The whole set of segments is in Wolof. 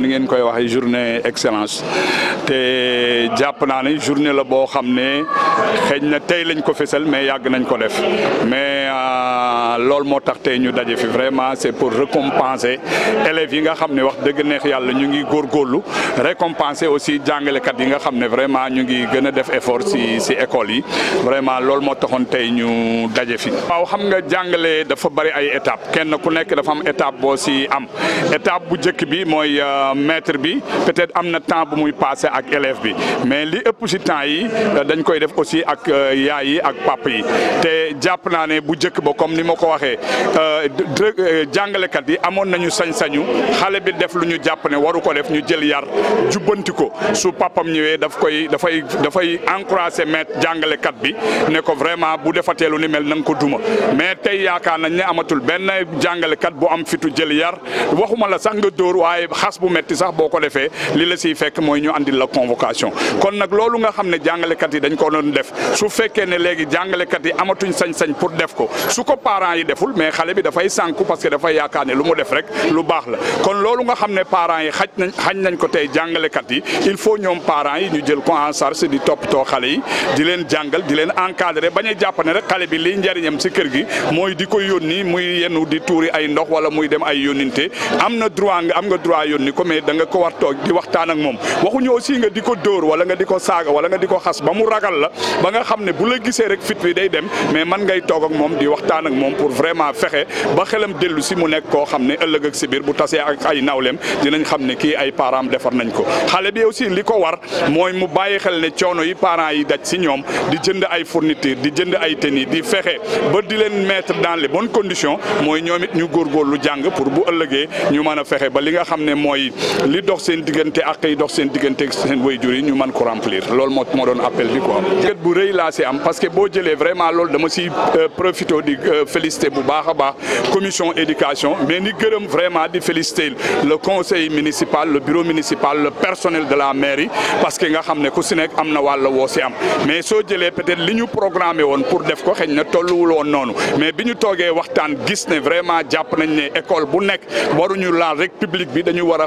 ni ngeen koy waxee journée excellence te jàpp naa ne journée la boo xam ne xëy na tey lañ ko fésal mais yàgg nañ ko def mais euh, loolu moo tax tey ñu daje fi vraiment c'est pour récompenser élèves yi nga xam ne wax dëgg neex yàlla ñu ngi góorgóorlu récompenser aussi jàngalekat yi nga xam ne vraiment ñu ngi gën a def effort si si école yi vraiment loolu moo taxoon tey ñu daje fi. waw xam nga jàngale dafa bari ay étape kenn ku nekk dafa am étape boo si am bu njëkk bi mooy. Euh, maître bi peut-être am na temps bu muy passé ak élève bi mais li ëpp si temps yi euh, dañ koy def aussi ak euh, yaay yi ak pap yi te jàpp naa ne bu njëkk ba comme ni ma ko waxee euh, jàngalekat yi amoon nañu sañ-sañu xale bi def lu ñu jàpp ne waru ko def ñu jël yar jubbanti ko su papam ñëwee daf koy dafay dafay encouragé maître jàngalekat bi ne ko vraiment bu defateelu lu ni mel na nga ko duma mais tey yaakaar nañ ne amatul benn jàngalekat bu am fitu jël yar waxuma la sax nga waaye xas bu métti sax boo ko defee li la siy fekk mooy ñu andil la convocation kon nag loolu nga xam ne jàngalekat yi dañ ko doon def su fekkee ne léegi jàngalekat yi amatuñ sañ-sañ pour def ko su ko parents yi deful mais xale bi dafay sànku parce que dafay yaakaar ne lu mu def rek la kon loolu nga xam ne parents yi xaj nañ xañ nañ ko tey jàngalekat yi il faut ñoom parent yi ñu jël ko en charge di toppatoo xale yi di leen jàngal di leen encadrer bañ a jàpp ne rek xale bi liy njëriñam si kër gi mooy di ko yónni muy yenu di tuuri ay ndox wala muy dem ay yónninte am xamee da nga ko war toog di waxtaan ak moom waxuñu aussi nga di ko dóor wala nga di ko saaga wala nga di ko xas ba mu ragal la ba nga xam ne bu la gisee rek fit bi day dem mais man ngay toog ak moom di waxtaan ak moom pour vraiment fexe ba xelam dellu si mu nekk koo xam ne ëllëg ak si biir bu tasee ak ay nawleem dinañ xam ne kii ay parents am defar nañ ko xale bi aussi li ko war mooy mu bàyyi xel ne coono yi parents yi daj si ñoom di jënd ay fourniture di jënd ay tenue di fexe ba di leen mettre dans les bonnes conditions mooy ñoom it ñu góorgóorlu jàng pour bu ëllëgee ñu mën a li dox seen diggante ak yi dox seen diggante ak seen wayjur yi ñu man ko remplir lool mo mo doon appel bi quoi. jëkët bu reuy la ci am parce que bo jëlé vraiment lool dama ci euh, profiter di euh, félicité bu baax baax commission éducation mais ni gëreum vraiment di félicité le conseil municipal le bureau municipal le personnel de la mairie parce que nga xamné ku si nekk am na wàll am mais so jëlé peut-être li ñu programmé won pour def ko xëy na tolluwul won noonu mais biñu ñu waxtaan gis né vraiment japp nañ né école bu nek waru ñu la république bi dañu wara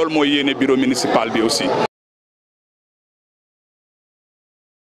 loolu mooy yéene bureau municipal bi aussi.